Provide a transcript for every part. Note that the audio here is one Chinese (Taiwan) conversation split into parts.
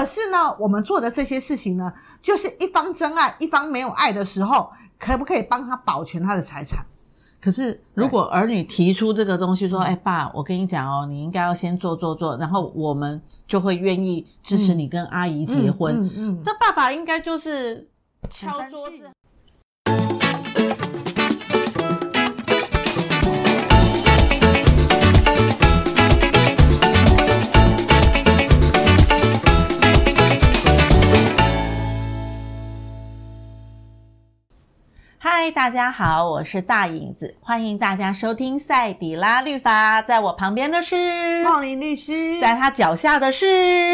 可是呢，我們做的這些事情呢，就是一方真愛，一方沒有愛的時候，可不可以幫他保全他的財產？可是如果兒女提出這個東西說：“哎，對，欸，爸，我跟你講哦，喔，你應該要先做做做，然後我們就會願意支持你跟阿姨結婚。”嗯，嗯，嗯，那，嗯，爸爸應該就是敲桌子。嗨，Hi, 大家好，我是大影子，歡迎大家收聽賽底拉律法。在我旁邊的是夢玲律師，在她腳下的是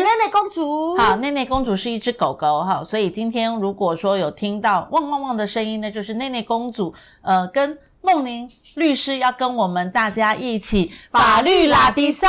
內內公主。好，內內公主是一隻狗狗哈、哦，所以今天如果說有聽到汪汪汪的聲音，呢，就是內內公主。呃，跟夢玲律師要跟我們大家一起法律拉力賽，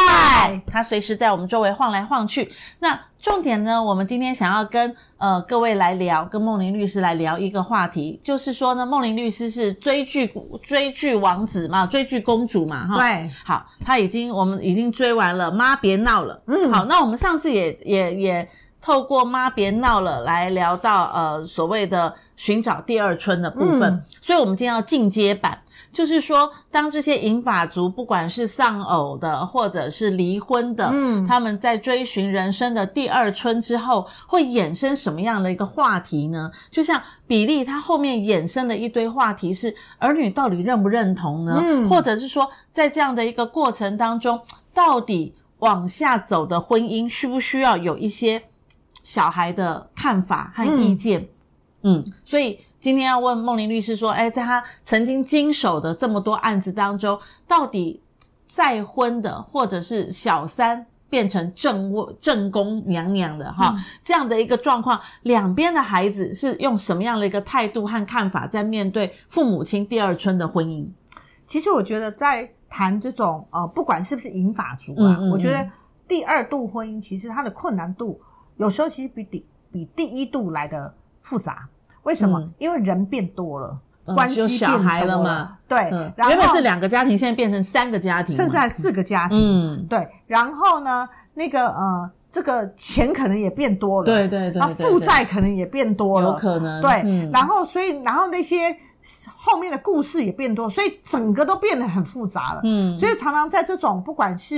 她隨時在我們周圍晃來晃去。那重點呢，我們今天想要跟。呃，各位來聊，跟孟玲律師來聊一個話題，就是說呢，孟玲律師是追劇追劇王子嘛，追劇公主嘛，哈。對，好，她已經，我們已經追完了《媽別鬧了》。嗯，好，那我們上次也也也透過《媽別鬧了》來聊到呃所謂的。尋找第二春的部分，嗯、所以，我們今天要進階版，就是說，當這些銀髮族，不管是喪偶的，或者是離婚的，嗯、他們在追尋人生的第二春之後，會衍生什麼樣的一個話題呢？就像比莉他後面衍生的一堆話題是，兒女到底認不認同呢？嗯、或者是說，在這樣的一個過程當中，到底往下走的婚姻需不需要有一些小孩的看法和意見？嗯嗯，所以今天要問孟林律師說，哎，在他曾經經手的這麼多案子當中，到底再婚的或者是小三變成正正宮娘娘的哈、嗯、這樣的一個狀況，兩邊的孩子是用什麼樣的一個態度和看法在面對父母親第二春的婚姻？其實我覺得，在談這種呃，不管是不是銀髮族啊，嗯、我覺得第二度婚姻其實它的困難度，有時候其實比第比第一度來的複雜。為什麼？因為人變多了，關係變多了嘛。對，原本是兩個家庭，現在變成三個家庭，甚至還四個家庭。嗯，對。然後呢，那個呃，這個錢可能也變多了，對對對。那負債可能也變多了，有可能。對，然後所以，然後那些後面的故事也變多，所以整個都變得很複雜了。嗯，所以常常在這種不管是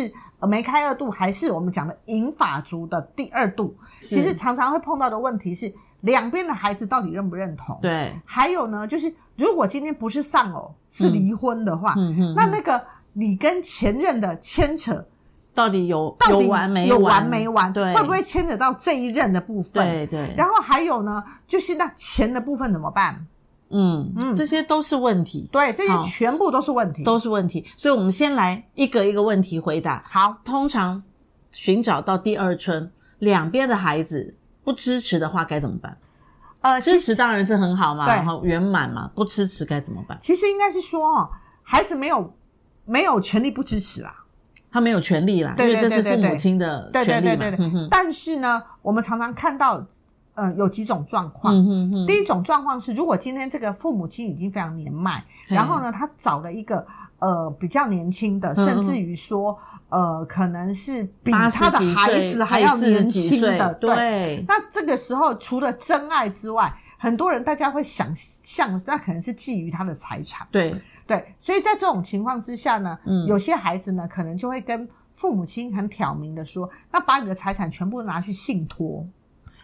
梅開二度，還是我們講的銀髮族的第二度，其實常常會碰到的問題是。兩邊的孩子到底認不認同？對，還有呢，就是如果今天不是喪偶，是離婚的話，嗯、那那個你跟前任的牽扯到底有到底有完沒有完對沒完？會不會牽扯到這一任的部分？對對。對，然後還有呢，就是那錢的部分怎麼辦？嗯嗯，嗯這些都是問題。對，這些全部都是問題，都是問題。所以我們先來一個一個問題回答。好，通常尋找到第二春，兩邊的孩子。不支持的話該怎麼辦？呃，支持當然是很好嘛，對然後圓滿嘛。不支持該怎麼辦？其實應該是說哦，孩子沒有沒有權利不支持啦，啊，他沒有權利啦，因為這是父母親的權利嘛。對對，對對對對對。嗯、哼但是呢，我們常常看到。嗯，有幾種狀況。嗯、哼哼第一種狀況是，如果今天這個父母親已經非常年邁，嗯、哼然後呢，他找了一個呃比較年輕的，嗯、哼甚至於說呃可能是比他的孩子還要年輕的，對。對那這個時候，除了真愛之外，很多人大家會想象，那可能是覬覦他的財產。對對，所以在這種情況之下呢，嗯、有些孩子呢，可能就會跟父母親很挑明的說，那把你的財產全部拿去信託。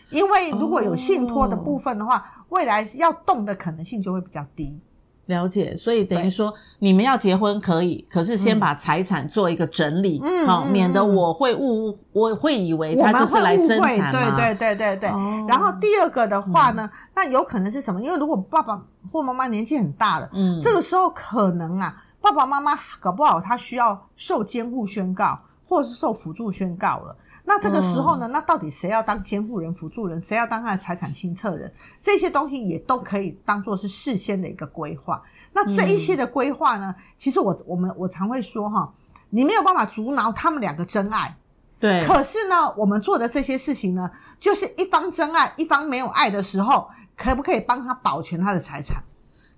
因為如果有信托的部分的話，哦、未來要動的可能性就會比較低。了解，所以等於說對你們要結婚可以，可是先把財產做一個整理，好，免得我會誤，嗯、我會以為他就是來爭產嘛，對對對對對。對對對哦、然後第二個的話呢，嗯、那有可能是什麼？因為如果爸爸或媽媽年紀很大了，嗯，這個時候可能啊，爸爸媽媽搞不好他需要受監護宣告，或者是受輔助宣告了。那這個時候呢，嗯、那到底誰要當監護人？輔助人？誰要當他的財產清冊人？這些東西也都可以當做是事先的一個規劃。那這一些的規劃呢，嗯、其實我我們我常會說哈，你沒有辦法阻撓他們兩個真愛。對。可是呢，我們做的這些事情呢，就是一方真愛，一方沒有愛的時候，可不可以幫他保全他的財產？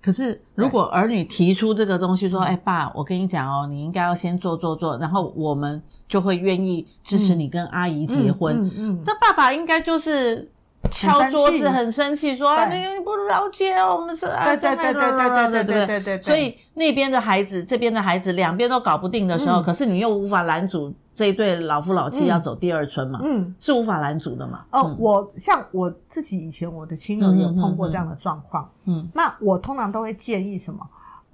可是，如果兒女提出這個東西，說：“對哎，爸，我跟你講哦，你應該要先做做做，然後我們就會願意支持你跟阿姨結婚。嗯”嗯嗯，那、嗯、爸爸應該就是。敲桌子很生氣，說：“啊，你不了解我們是愛，對對對那的，對不對？所以那邊的孩子，這邊的孩子，兩邊都搞不定的時候，可是你又無法攔阻這一對老夫老妻要走第二春嘛？嗯，是無法攔阻的嘛？哦，我像我自己以前我的親友也有碰過這樣的狀況，嗯，那我通常都會建議什麼？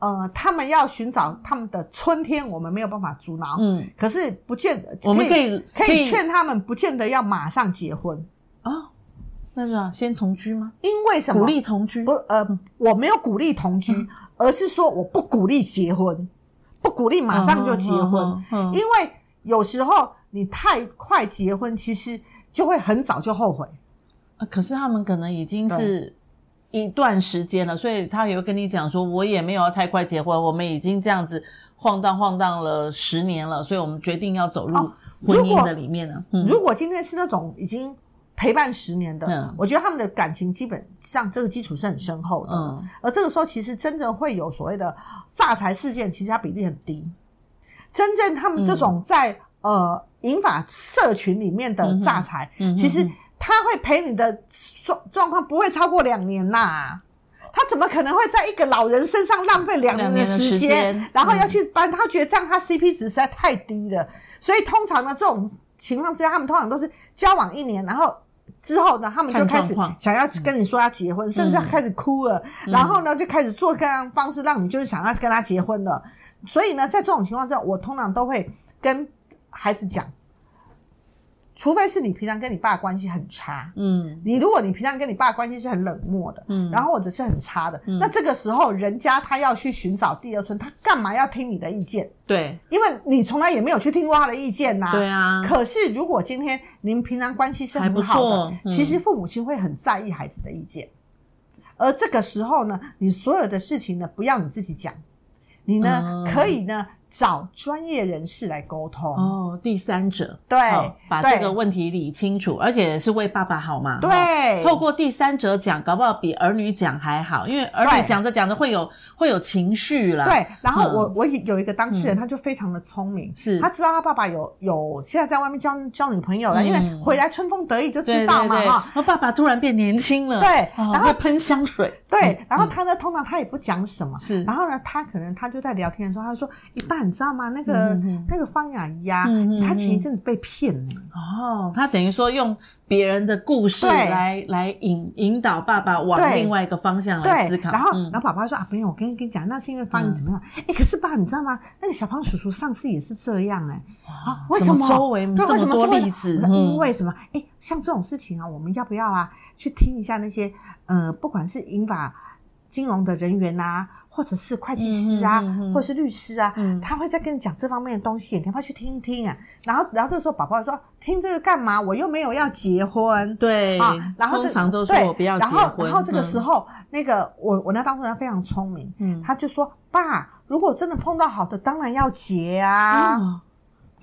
呃，他們要尋找他們的春天，我們沒有辦法阻撓，嗯，可是不見得，我們可以可以勸他們，不見得要馬上結婚。”那是啊，先同居嗎？因為什麼？鼓勵同居？不，呃，我沒有鼓勵同居，嗯、而是說我不鼓勵結婚，不鼓勵馬上就結婚，嗯嗯嗯嗯嗯、因為有時候你太快結婚，其實就會很早就後悔。可是他們可能已經是一段時間了，對所以他也會跟你講說，我也沒有要太快結婚，我們已經這樣子晃蕩晃蕩了十年了，所以我們決定要走入婚姻的裡面了。如果今天是那種已經。陪伴十年的，嗯、我覺得他們的感情基本上這個基礎是很深厚的。嗯、而這個時候，其實真的會有所謂的詐財事件，其實它比例很低。真正他們這種在、嗯、呃銀髮社群裡面的詐財，嗯嗯、其實他會陪你的狀狀況不會超過兩年吶、啊。他怎麼可能會在一個老人身上浪費兩年的時間？時間然後要去搬，他覺得這樣他 CP 值實在太低了。嗯、所以通常呢，這種情況之下，他們通常都是交往一年，然後。之後呢，他們就開始想要跟你說要結婚，嗯、甚至要開始哭了。嗯、然後呢，就開始做各樣的方式，讓你就是想要跟他結婚了。嗯、所以呢，在這種情況下，我通常都會跟孩子講。除非是你平常跟你爸的關係很差，嗯，你如果你平常跟你爸的關係是很冷漠的，嗯，然後或者是很差的，嗯，那這個時候人家他要去尋找第二春，他幹嘛要聽你的意見？對，因為你從來也沒有去聽過他的意見吶，啊。對啊。可是如果今天您平常關係是很好的，還不錯，嗯，其實父母親會很在意孩子的意見，而這個時候呢，你所有的事情呢，不要你自己講，你呢，嗯，可以呢。找專業人士來溝通哦，第三者對，把這個問題理清楚，而且是為爸爸好嘛。對，透過第三者講，搞不好比兒女講還好，因為兒女講着講着會有會有情緒啦。對，然後我我有一個當事人，他就非常的聰明，是他知道他爸爸有有現在在外面交交女朋友了，因為回來春風得意就知道嘛哦。他爸爸突然變年輕了，對，然後噴香水。對，然後他呢，嗯、通常他也不講什麼。是，然後呢，他可能他就在聊天的時候，他就說：“一半，你知道嗎？那個、嗯、哼那個方雅怡啊，嗯、哼他前一陣子被騙了。”哦，他等於說用。別人的故事來對來引引導爸爸往另外一個方向來思考，然後、嗯、然後爸爸說啊，沒有，我跟你跟你講，那是因為幫你怎麼樣、嗯、欸？可是爸，你知道嗎？那個小胖叔叔上次也是這樣誒、欸、啊，為什麼？麼周圍那麼、麼多例子，因為什麼？誒、嗯、欸、像這種事情啊，我們要不要啊？去聽一下那些呃，不管是銀髮、金融的人員吶、啊。或者是會計師啊，嗯嗯嗯、或者是律師啊，嗯、他會再跟你講這方面的東西，你趕快去聽一聽啊。然後，然後這個時候，寶寶說：“聽這個幹嘛？我又沒有要結婚。對”對啊，然後這，常都對，然後，然後這個時候，嗯、那個我我那當事人非常聰明，他就說：“爸，如果真的碰到好的，當然要結啊。嗯”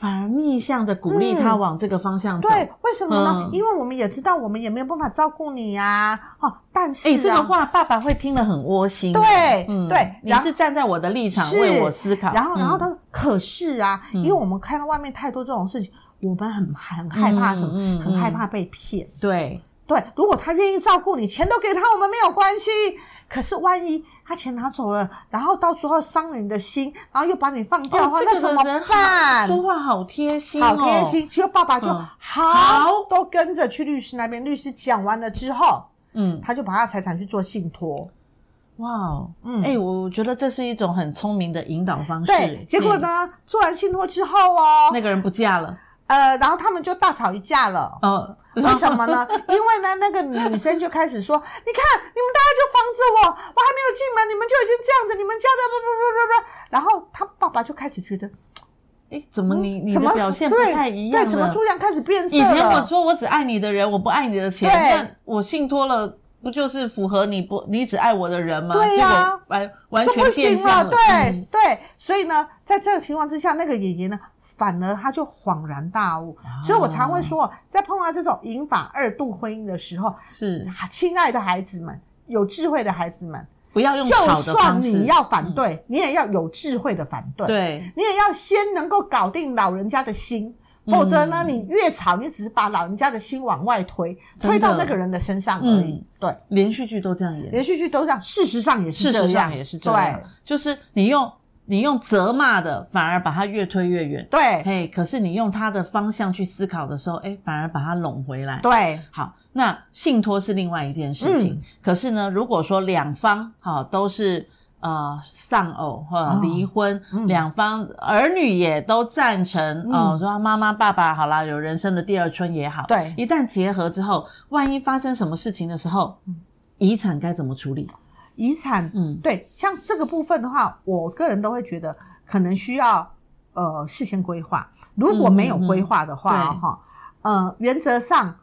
反而逆向的鼓勵他往這個方向走，對，為什麼呢？因為我們也知道，我們也沒有辦法照顧你呀。哦，但是，哎，這個話爸爸會聽得很窩心。對，嗯，對，你是站在我的立場為我思考。然後，然後他說：“可是啊，因為我們看到外面太多這種事情，我們很很害怕什麼，很害怕被騙。”對對，如果他願意照顧你，錢都給他，我們沒有關係。可是萬一他錢拿走了，然後到時候傷了你的心，然後又把你放掉的話，哦這個、的那怎麼辦？說話好貼心、哦，好貼心。結果爸爸就好，嗯、都跟着去律師那邊。律師講完了之後，嗯，他就把他的財產去做信託。哇哦，嗯，哎，我覺得這是一種很聰明的引導方式。嗯、對，結果呢，對做完信託之後哦，那個人不嫁了。呃，然後他們就大吵一架了。嗯，為什麼呢？因為呢，那個女生就開始說：“你看，你們大家就防着我，我還沒有進門，你們就已經這樣子，你們家的不不不不不。”然後他爸爸就開始覺得：“哎，怎麼你你的表現不太一樣？對，怎麼突然開始變色了？以前我說我只愛你的人，我不愛你的錢，我信托了，不就是符合你不你只愛我的人嗎？對呀，完完全不行了。對對，所以呢，在這個情況之下，那個爺爺呢？”反而他就恍然大悟，所以我常會說，在碰到這種銀髮二度婚姻的時候，是親愛的孩子們，有智慧的孩子們，不要用吵的方式。就算你要反對，你也要有智慧的反對。對，你也要先能夠搞定老人家的心，否則呢，你越吵，你只是把老人家的心往外推，推到那個人的身上而已。對，連續劇都這樣演，連續劇都這樣，事實上也是，事實上也是這樣。對，就是你用。你用責罵的，反而把他越推越遠。對，嘿。Hey, 可是你用他的方向去思考的時候，誒反而把他攏回來。對，好，那信托是另外一件事情。嗯、可是呢，如果說兩方哈、啊、都是呃喪偶或者離婚，哦嗯、兩方兒女也都贊成哦、嗯呃，說媽媽爸爸好啦，有人生的第二春也好。對。一旦結合之後，萬一發生什麼事情的時候，遺產該怎麼處理？遺產，嗯，對，像這個部分的話，我個人都會覺得可能需要呃事先規劃。如果沒有規劃的話，哈、嗯嗯嗯，呃，原則上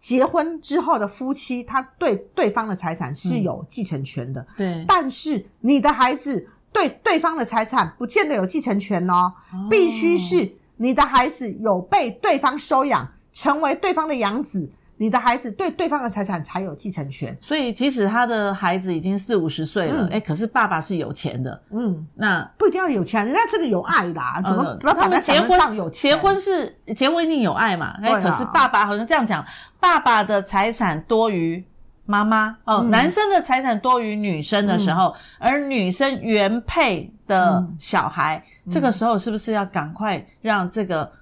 結婚之後的夫妻，他對對方的財產是有繼承權的，嗯、對。但是你的孩子對對方的財產不見得有繼承權哦，必須是你的孩子有被對方收養，成為對方的養子。你的孩子對對方的財產才有繼承權，所以即使他的孩子已經四五十歲了，哎，可是爸爸是有錢的，嗯，那不一定要有錢，人家這個有愛啦，怎麼不知道他們講在錢上有結婚是結婚一定有愛嘛？哎，可是爸爸好像這樣講，爸爸的財產多於媽媽哦，男生的財產多於女生的時候，而女生原配的小孩，這個時候是不是要趕快讓這個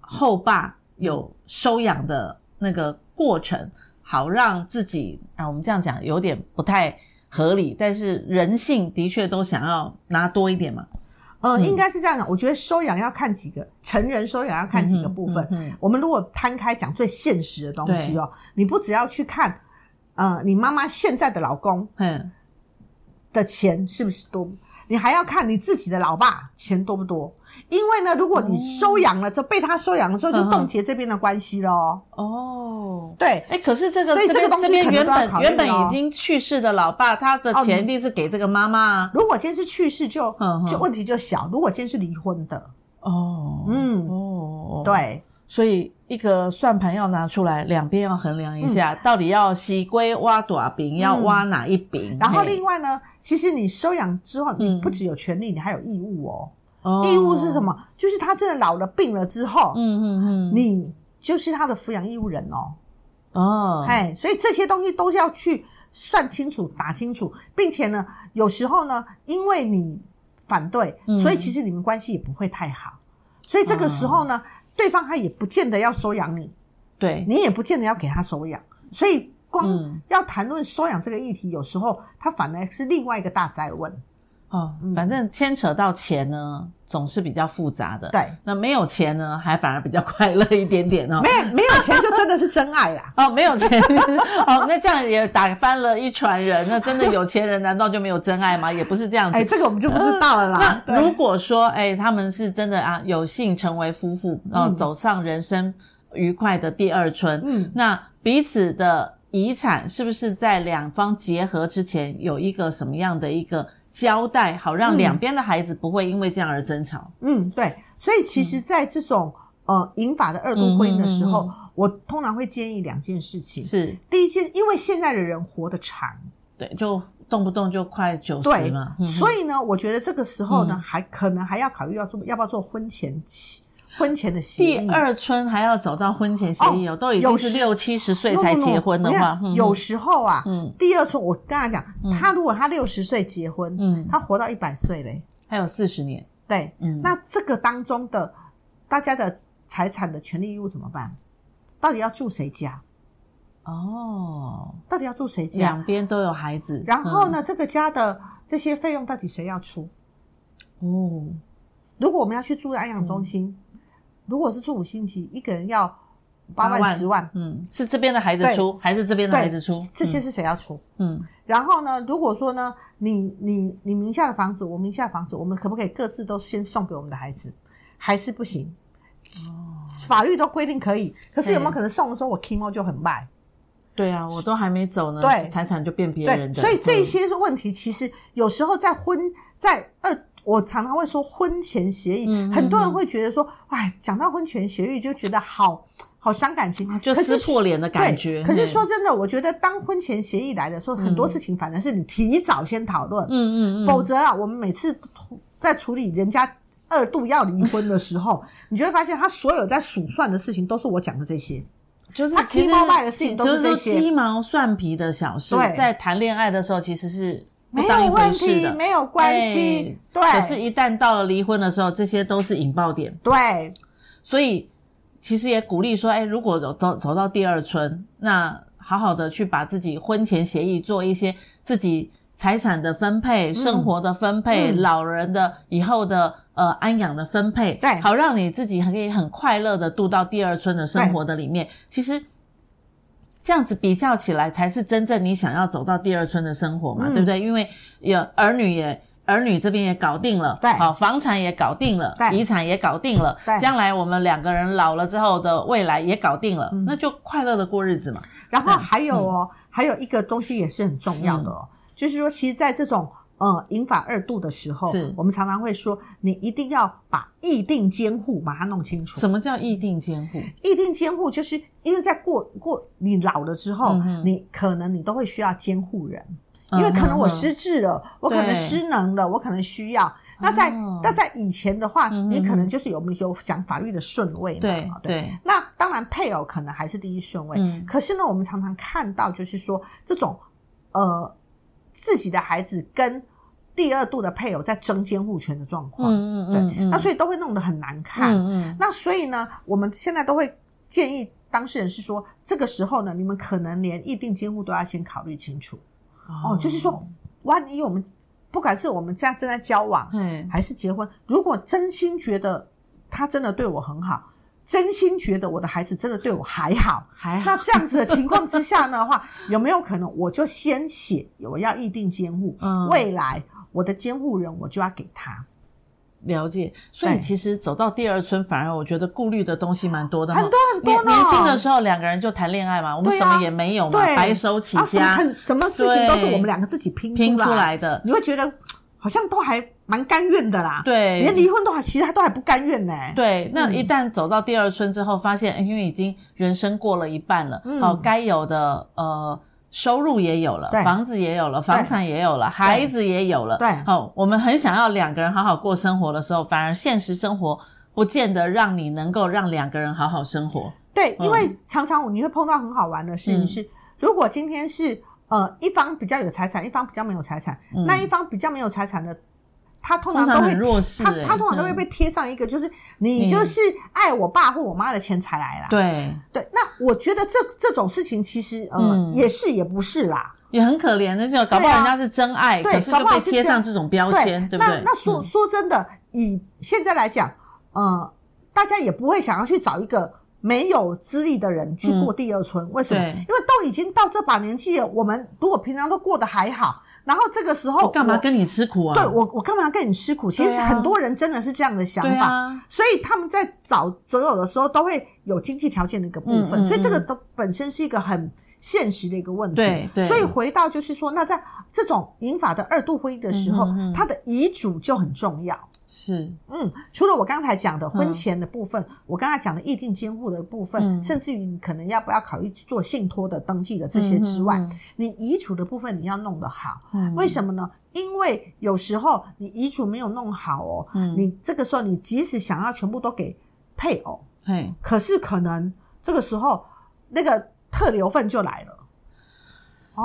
後爸有收養的那個？過程好，讓自己啊，我們這樣講有點不太合理，但是人性的確都想要拿多一點嘛。呃，應該是這樣的，我覺得收養要看幾個，成人收養要看幾個部分。嗯，嗯，我們如果攤開講最現實的東西哦，對你不只要去看，呃，你媽媽現在的老公，嗯，的錢是不是多？你還要看你自己的老爸錢多不多，因為呢，如果你收養了之後、哦、被他收養了之後，就凍結這邊的關係咯。哦。對，哎、欸，可是這個，所以這個東西原本原本已經去世的老爸，他的錢一定是給這個媽媽、哦。如果今天是去世就，就就問題就小；如果今天是離婚的，哦，對嗯，哦，對，所以。一個算盤要拿出來，兩邊要衡量一下，嗯、到底要“徙龜挖短柄”，要挖哪一柄？然後另外呢，嘿其實你收養之後，嗯、你不只有權利，你還有義務哦。哦，義務是什麼？就是他真的老了、病了之後，嗯嗯嗯，你就是他的扶養義務人哦。哦，哎，所以這些東西都是要去算清楚、打清楚，並且呢，有時候呢，因為你反對，嗯、所以其實你們關係也不會太好。所以這個時候呢。哦對方他也不見得要收養你，對你也不見得要給他收養，所以光要談論收養這個議題，有時候、嗯、他反而是另外一個大哉問。哦，嗯、反正牽扯到錢呢，總是比較複雜的，對。那沒有錢呢，還反而比較快樂一點點哦。沒沒有錢就真的是真愛啊。 哦，沒有錢 哦，那這樣也打翻了一船人。那真的有錢人難道就沒有真愛嗎？也不是這樣子。哎，這個我們就不知道了啦。如果說哎，他們是真的啊，有幸成為夫婦，然後走上人生愉快的第二春，嗯、那彼此的遺產是不是在兩方結合之前有一個什麼樣的一個？交代好，讓兩邊的孩子不會因為這樣而爭吵。嗯，對。所以其實，在這種、嗯、呃，銀髮的二度婚姻的時候，我通常會建議兩件事情。是第一件，因為現在的人活得長，對，就動不動就快九十了。對嗯、哼所以呢，我覺得這個時候呢，還可能還要考慮要做要不要做婚前期。婚前的協議，第二春還要走到婚前協議哦？都已經是六七十歲才結婚的話，有時候啊，嗯，第二春，我跟大家講，他如果他六十歲結婚，嗯，他活到一百歲嘞，還有四十年，對，嗯，那這個當中的大家的財產的權利義務怎麼辦？到底要住誰家？哦，到底要住誰家？兩邊都有孩子，然後呢，這個家的這些費用到底誰要出？哦，如果我們要去住安養中心？如果是住五星級，一個人要八萬、8萬十萬，嗯，是這邊的孩子出，對還是這邊的孩子出？這些是誰要出？嗯，然後呢？如果說呢，你、你、你名下的房子，我名下的房子，我們可不可以各自都先送給我們的孩子？還是不行？哦，法律都規定可以，可是有沒有可能送的時候、欸、我 Kimo 就很賣？對啊，我都還沒走呢，對，財產就變別人的。所以這些是問題，其實有時候在婚在二。我常常會說婚前協議，嗯嗯嗯，很多人會覺得說，哎，講到婚前協議就覺得好好傷感情，嗯，就撕破臉的感覺。可是，嘿可是說真的，我覺得當婚前協議來的時候，嗯，很多事情反正是你提早先討論。嗯嗯，嗯，否則啊，我們每次在處理人家二度要離婚的時候，嗯嗯，你就會發現，他所有在數算的事情都是我講的這些，就是其實、啊、其賣的事情都是這些雞毛蒜皮的小事，對在談戀愛的時候其實是。沒有問題，沒有關係。哎、對，可是，一旦到了離婚的時候，這些都是引爆點。對，所以其實也鼓勵說，哎，如果走走到第二春，那好好的去把自己婚前協議做一些自己財產的分配、嗯、生活的分配、嗯、老人的以後的呃安養的分配，對，好讓你自己可以很快樂的度到第二春的生活的裡面。對其實。這樣子比較起來，才是真正你想要走到第二春的生活嘛，嗯、對不對？因為有兒女也兒女這邊也搞定了，對，好房產也搞定了，對，遺產也搞定了，對，將來我們兩個人老了之後的未來也搞定了，嗯、那就快樂的過日子嘛。然後還有哦，還有一個東西也是很重要的哦，嗯、就是說，其實，在這種。呃，銀髮二度的時候，我們常常會說，你一定要把意定監護把它弄清楚。什麼叫意定監護？意定監護就是因為在過過你老了之後，你可能你都會需要監護人，因為可能我失智了，我可能失能了，我可能需要。那在那在以前的話，你可能就是有沒有講法律的順位嘛，對。那當然配偶可能還是第一順位，可是呢，我們常常看到就是說這種，呃。自己的孩子跟第二度的配偶在爭監護權的狀況，嗯,嗯,嗯對，那所以都會弄得很難看，嗯,嗯那所以呢，我們現在都會建議當事人是說，這個時候呢，你們可能連意定監護都要先考慮清楚，哦，哦就是說，萬一我們不管是我們家正在交往，嗯嘿，還是結婚，如果真心覺得他真的對我很好。真心覺得我的孩子真的對我還好，還好。那這樣子的情況之下呢的話，話 有沒有可能我就先寫，我要意定監護，嗯、未來我的監護人我就要給他了解。所以其實走到第二春，對反而我覺得顧慮的東西蠻多的，很多很多呢年。年輕的時候兩個人就談戀愛嘛，我們什麼也沒有，嘛。啊、對白手起家、啊什，什麼事情都是我們兩個自己拼出來拼出來的。你會覺得好像都還。蠻甘願的啦，對，連離婚都還，其實他都還不甘願呢。對，那一旦走到第二春之後，發現因為已經人生過了一半了，哦，該有的呃收入也有了，房子也有了，房產也有了，孩子也有了，對，好，我們很想要兩個人好好過生活的時候，反而現實生活不見得讓你能夠讓兩個人好好生活。對，因為常常你會碰到很好玩的事情是如果今天是呃一方比較有財產，一方比較沒有財產，那一方比較沒有財產的。他通常都會常很弱勢、欸、他他通常都會被貼上一個，嗯、就是你就是愛我爸或我媽的錢才來啦。對、嗯、對，那我覺得這這種事情其實、呃、嗯也是也不是啦，也很可憐的，就是、搞不好人家是真愛，對啊、可是就被貼上這種標籤，對,對,對不對？那那說、嗯、說真的，以現在來講，嗯、呃，大家也不會想要去找一個。沒有資歷的人去過第二春。嗯、為什麼？因為都已經到這把年紀了。我們如果平常都過得還好，然後這個時候我我幹嘛跟你吃苦啊？對，我我幹嘛要跟你吃苦？其實很多人真的是這樣的想法，啊啊、所以他們在找擇偶的時候都會有經濟條件的一個部分，嗯、所以這個都本身是一個很。現實的一個問題，對，對所以回到就是說，那在這種銀髮的二度婚姻的時候，他、嗯、哼的遺囑就很重要。是，嗯，除了我剛才講的婚前的部分，嗯、我剛才講的意定監護的部分，嗯、甚至於你可能要不要考慮做信託的登記的這些之外，嗯、哼你遺囑的部分你要弄得好。嗯，為什麼呢？因為有時候你遺囑沒有弄好哦，嗯、你這個時候你即使想要全部都給配偶，嘿可是可能這個時候那個。特留分就來了，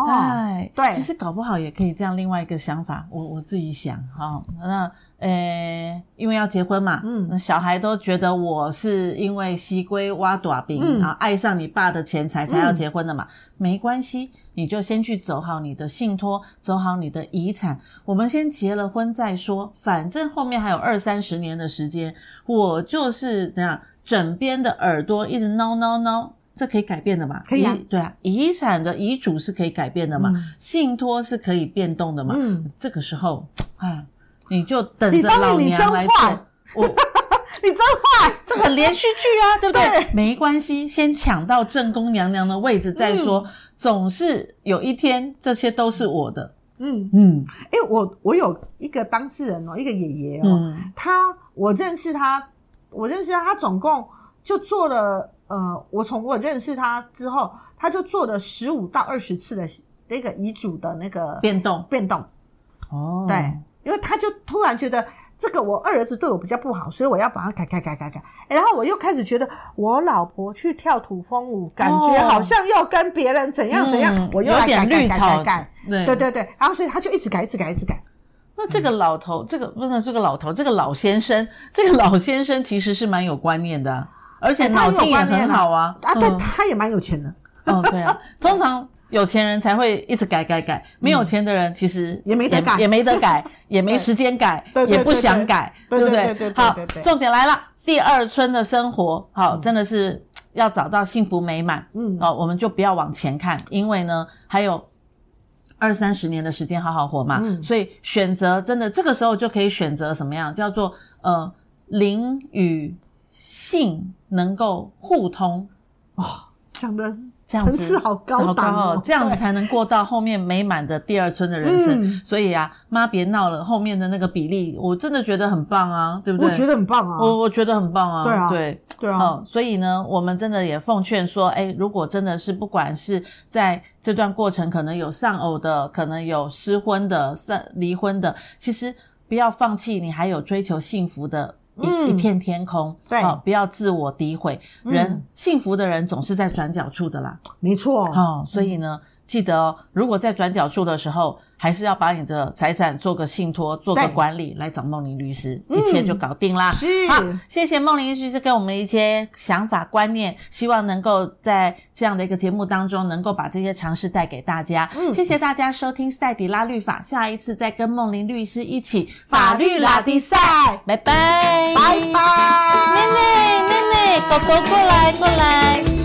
唉哦，對，其實搞不好也可以這樣。另外一個想法，我我自己想哈、哦，那呃、欸，因為要結婚嘛，嗯，小孩都覺得我是因為西瓜偎大邊啊，嗯、愛上你爸的錢財才，才要結婚的嘛。嗯、沒關係，你就先去走好你的信托，走好你的遺產，我們先結了婚再說。反正後面還有二三十年的時間，我就是這樣枕邊的耳朵一直鬧鬧鬧。這可以改變的嘛？可以啊，對啊，遺產的遺囑是可以改變的嘛？信托是可以變動的嘛？嗯，這個時候啊，你就等着老娘來做。我，你真壞，這很連續劇啊，對不對？沒關係，先搶到正宮娘娘的位置再說，總是有一天這些都是我的。嗯嗯，誒我我有一個當事人哦，一個爺爺哦，他我認識他，我認識他，他總共就做了。呃，我從我認識他之後，他就做了十五到二十次的那個遺囑的那個變動，變動。哦，對，因為他就突然覺得這個我二兒子對我比較不好，所以我要把它改改改改改、哎。然後我又開始覺得我老婆去跳土風舞，感覺好像要跟別人怎樣怎樣，嗯、我又來改改,改改改改改。對,對對對，然後所以他就一直改，一直改，一直改。那這個老頭，嗯、這個不能是個老頭，這個老先生，這個老先生其實是蠻有觀念的。而且腦筋也很好啊，啊，對，他也蠻有錢的。哦，對啊，通常有錢人才會一直改改改，沒有錢的人其實也沒得改，也沒得改，也沒時間改，也不想改，對不對？好，重點來了，第二春的生活，好，真的是要找到幸福美滿。嗯，哦，我們就不要往前看，因為呢，還有二三十年的時間好好活嘛。所以選擇真的這個時候就可以選擇什麼樣，叫做呃，立於。性能夠互通，哇、哦，講的層次好高、哦、好高哦，對這樣子才能過到後面美滿的第二春的人生。嗯、所以啊，媽別鬧了，後面的那個比莉我真的覺得很棒啊，對不對？我覺得很棒啊，我我覺得很棒啊，對啊，對，對啊，哦，所以呢，我們真的也奉勸說，哎、欸，如果真的是不管是在這段過程，可能有喪偶的，可能有失婚的、離婚的，其實不要放棄，你還有追求幸福的。一、嗯、一片天空，對、哦，不要自我詆毀。嗯、人幸福的人總是在轉角處的啦，沒錯。哦嗯、所以呢。記得哦，如果在轉角處的時候，還是要把你的財產做個信託、做個管理，對來找夢玲律師，嗯、一切就搞定啦。是好，謝謝夢玲律師給我們一些想法、觀念，希望能夠在這樣的一個節目當中，能夠把這些常識帶給大家。嗯、謝謝大家收聽賽底拉律法，下一次再跟夢玲律師一起法律拉迪賽，賽拜拜，拜拜，妹妹拜，妹妹，狗狗過來，過來。